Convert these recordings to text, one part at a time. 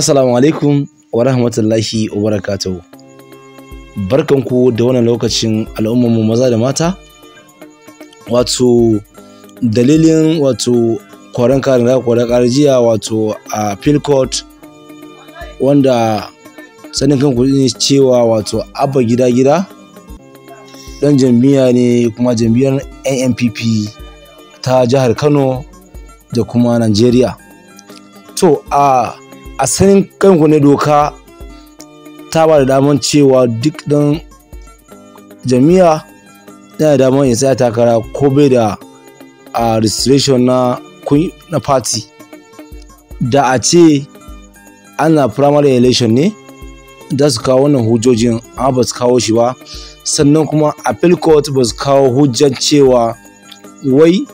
Assalamu alaikum wa rahmatullahi wa barakatuhu. Barkanku da wannan lokacin al'ummarmu maza da mata. Wato dalilin wato koren karin da koren karjiya wato a Court wanda sanin kan ku ne cewa wato abba gida gida dan jam'iyya ne kuma jam'iyyar NNPP ta jihar Kano da kuma Najeriya. To a a sanin kanku ne doka ta ba da daman cewa duk dan jami'a yana da daman ya tsaya takara ko bai da a registration na na party da a ce ana primary election ne za su kawo wannan hujjojin amma ba su kawo shi ba sannan kuma a court ba su kawo hujjan cewa wai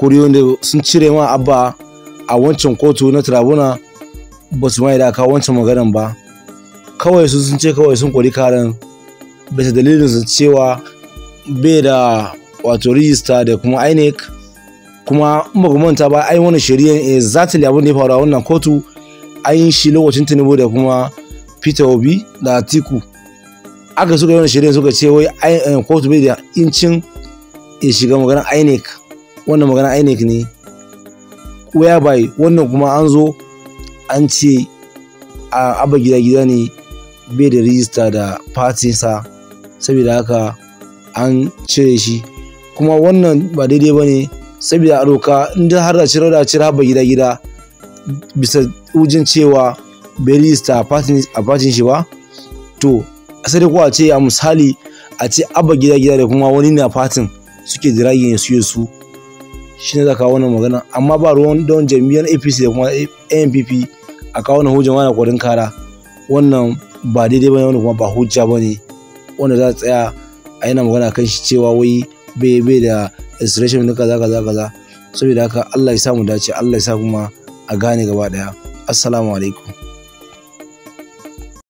kuriyon da sun cire ma abba a wancan kotu na tribuna ba su mai da wancan maganan ba kawai su sun ce kawai sun kori karan bisa dalilin su cewa bai da wato rijista da kuma inec kuma in ba manta ba ai wannan shari'ar exactly abin da ya faru a wannan kotu an yi shi lokacin tinubu da kuma peter obi da atiku aka suka yi wani shari'ar suka ce wai eh, kotu bai da incin ya shiga maganar inec wannan maganar inec ne whereby wannan kuma an zo an ce a abba gida gida ne bai da rijista da fatinsa saboda haka an cire shi kuma wannan ba daidai ba ne saboda aroka inda har da cire da cire abba gida gida bisa ujin cewa bai rijista a fatin shi ba to a sai dai kuwa ce a misali a ce abba gida gida da kuma wani na fatin suke jiragen su yi su shi ne za kawo wannan magana amma ba ruwan don jam'iyyar apc da kuma anpp a kawo wannan hujjar wani kwarin kara wannan ba daidai ba ne wani kuma ba hujja ba ne wanda za a tsaya a yana magana kan shi cewa wai bai bai da illustration na kaza kaza kaza saboda haka Allah ya samu dace Allah ya sa kuma a gane gaba daya assalamu alaikum